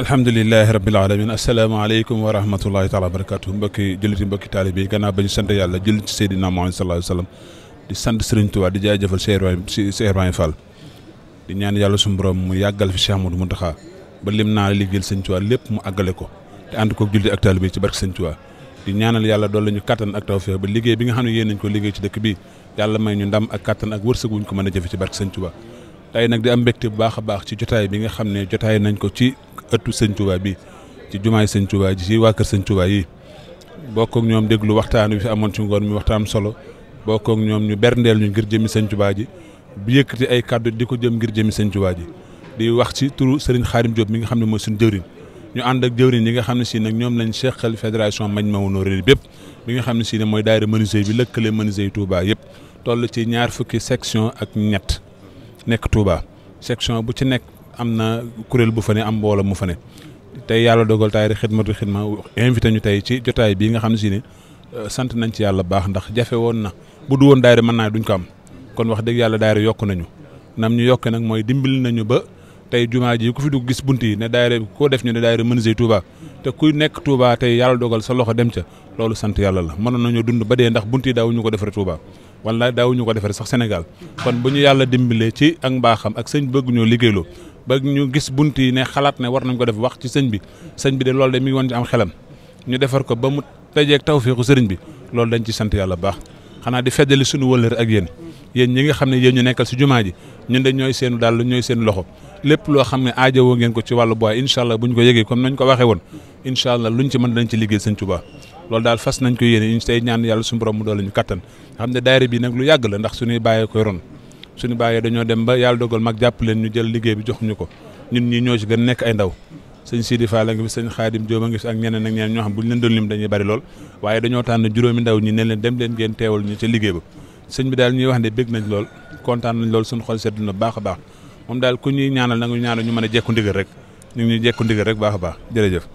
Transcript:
alhamdulilahi rabil alamin asalaamaaleykum wa rahmatullahi taala wa barakatuh mbokki jullit yi mbokki taalibe yi gannaaw ba ñu sant yàlla jullit ci Seydina Muhammad sallallahu alayhi wa sallam di sant Serigne Touba di jaajëfal Cheikh Ibrahima Fall di ñaan yàlla suñu borom mu yàggal fi Cheikh Amadou Mountakha ba lim naa la liggéeyal Serigne Touba lépp mu àggale ko te ànd koog jullit ak taalibe ci barke Serigne Touba di ñaanal yàlla dool la ñu kattan ak tawfeex ba liggéey bi nga xam ne yéen nañ ko liggéey ci dëkk bi yàlla may ñu ndam ak kattan ak wërsëg wuñ ko mën a jëfe ci barke Serigne Touba tey nag di am mbégte bu baax a baax ci jotaay bi nga xam ne jotaay nañ ko ci ëttu sëñ Touba bi ci jumaay sëñ Touba ji waa kër sëñ Touba yi bokk ak ñoom déglu waxtaan wi fi amoon ci ngoon mi waxtaan solo bokk ñoom ñu berndeel ñu ngir jëmmi sëñ Touba ji bu yëkkati ay kàddu di ko jëm ngir jëmmi sëñ Touba ji di wax ci turu Serigne xaarim Diop mi nga xam ne mooy suñu jëwriñ ñu ànd ak jëwriñ yi nga xam ne si nag ñoom lañ seqal fédération Majmahun Nurayni bépp bi nga xam ne si ne mooy daayira menuisier bi lëkkalee menuisier yi Touba yëpp toll ci ñaar fukki section ak ñett nekk Touba section bu ci nekk am na kuréel bu fa ne am mbooloo mu fa ne tey yàlla dogal taay rek xidmatu xidma invité ñu tey ci jotaay bii nga xam si ne euh, sant nañ ci yàlla baax ndax jafe woon na bu du woon daayira mën naa duñ ko am kon wax dëgg yàlla daayira yokk nañu nam ñu yokkee nag mooy dimbali nañu ba tey jumaa ji ku fi dugg gis bunt yi ne daayira koo def ñu ne daayira menuisier Touba te nekk Touba tey yàlla dogal sa loxo dem ca loolu sant yàlla la mënoon nañoo dund ba dee ndax bunt yi daawuñu ko defaree Touba wala daawuñu ko defaree sax Sénégal kon bu ñu yàlla dimbalee ci ak mbaaxam ak sëñ bëgg ñoo liggéeyloo ba ñu gis bunt yi ne xalaat ne war nañ ko def wax ci sëñ bi sëñ bi de loolu de mi ngi woon ci am xelam ñu defar ko ba mu tëjeeg tawféexu sëriñ bi loolu dañ ci sant yàlla baax xanaa di feddali suñu wëllër ak yéen yéen ñi nga xam ne yéen ñu nekkal si jumaa ji ñu de ñooy seenu dàll ñooy seen loxo lépp loo xam ne aajowoo ngeen ko ci wàllu bois incha allah bu ñu ko yëgee comme nañ ko waxee woon incha allah luñ ci mën dañ ci liggéey sëñ Tuubaa loolu daal fas ko yéene ñu ñaan yàlla suñu borom mu doole ñu kattan xam ne daayira bi nag lu yàgg la ndax suñuy bàyyee koy ron suñu bàyyee dañoo dem ba yàlla dogal mag jàpp leen ñu jël liggéey bi joxuñu ko ñun ñi ñoo ci gën nekk ay ndaw sëñ Sidi Fall a ngi fi sëñ Xaadim Jóob ngi fi ak ñeneen ak ñeneen ñoo xam bu ñu leen doon dañuy bari lool waaye dañoo tànn juróomi ndaw ñi ne leen dem leen ngeen teewal ñu ci liggéey ba sëñ bi daal ñuy wax ne bég nañ lool kontaan nañ lool suñu xol sedd na baax a baax moom daal ku ñuy ñaanal nangu ñaanal ñu mën a jekku ndigal rek ñu ngi ñuy jekku rek baax a baax